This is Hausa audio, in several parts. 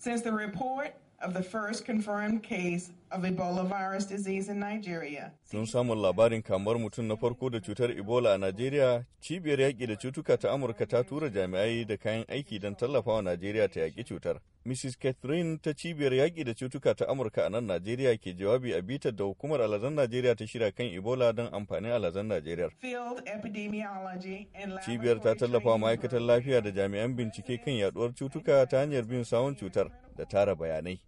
Since the report of the first confirmed case of Ebola virus disease in Nigeria. sun samun labarin kamar mutum na farko da cutar Ebola a nigeria cibiyar yaƙi da cutuka ta Amurka ta tura jami'ai da kayan aiki don tallafawa nigeria ta yaƙi cutar. Mrs. Catherine ta cibiyar yaƙi da cutuka ta Amurka a nan Najeriya ke jawabi a bitar da hukumar alazan Najeriya ta shirya kan Ebola don amfanin alazan Najeriya. Cibiyar ta tallafa ma'aikatan lafiya da jami'an bincike kan yaduwar cutuka ta hanyar bin sawun cutar da tara bayanai.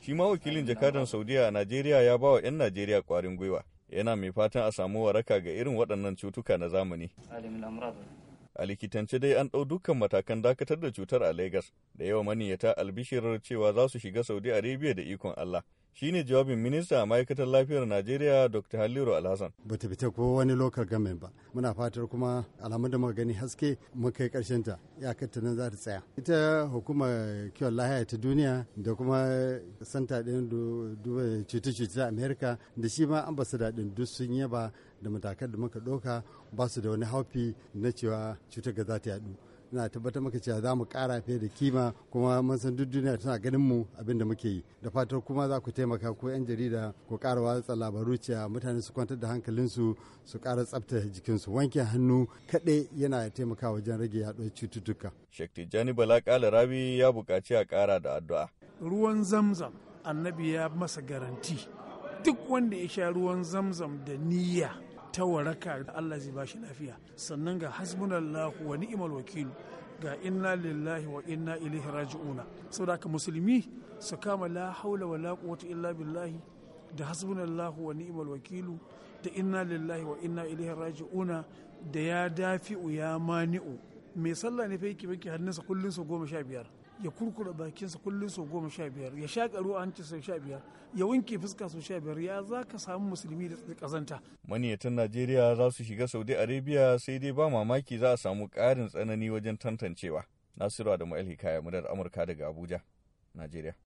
Shi ma wakilin jakadan Saudiya a Najeriya ya ba wa 'yan Najeriya kwarin gwiwa. yana mai fatan a samu waraka ga irin waɗannan cutuka na zamani. A likitance dai an ɗau dukkan matakan dakatar da cutar a Legas da yawa maniyata albishirar cewa za su shiga Saudi Arabia da ikon Allah. shine jawabin minista a ma'aikatar lafiyar najeriya dr haliru alhassan ba ta fita ko wani local government ba muna fatar kuma alamun da muka gani haske mun kai karshen ta ya ta nan za ta tsaya ita hukumar kiwon lahiya ta duniya da kuma santa ɗin duba cuta ta amerika da shi ma ambasada ɗin duk sun yaba da matakan da muka ɗauka ba su da wani haufi na cewa cutar ga za ta yadu na tabbatar maka cewa za mu kara fiye da kima kuma mun san duk duniya tana ganin mu abin da muke yi da fatar kuma za ku taimaka ko yan jarida ko kara watsa labaru cewa mutane su kwantar da hankalinsu su kara tsafta jikinsu wanke hannu kaɗai yana taimakawa wajen rage yaɗuwar cututtuka. Sheikh Tijjani Bala Kala Rabi ya buƙaci a kara da addu'a. Ruwan zamzam annabi ya masa garanti duk wanda ya sha ruwan zamzam da niyya ta waraka Allah zai bashi lafiya sannan ga hasbunallahu wa ni'mal wakil ga inna lillahi wa inna ilaihi raji'una saboda haka musulmi su kama la haula wa la quwwata illa billahi da hasbunallahu wa ni'mal wakilu da inna lillahi wa inna ilaihi raji'una da ya dafi'u ya mani'u mai sallah ne fa yake wanke hannunsa kullun sau goma sha biyar ya kurkura bakinsa kullun sau goma sha biyar ya shaƙa ruwa hanci sau sha biyar ya wanke fuska sau sha biyar ya za ka samu musulmi da ƙazanta. maniyatan najeriya za su shiga saudi arabia sai dai ba mamaki za a samu ƙarin tsanani wajen tantancewa nasiru adamu alhikaya murar amurka daga abuja najeriya.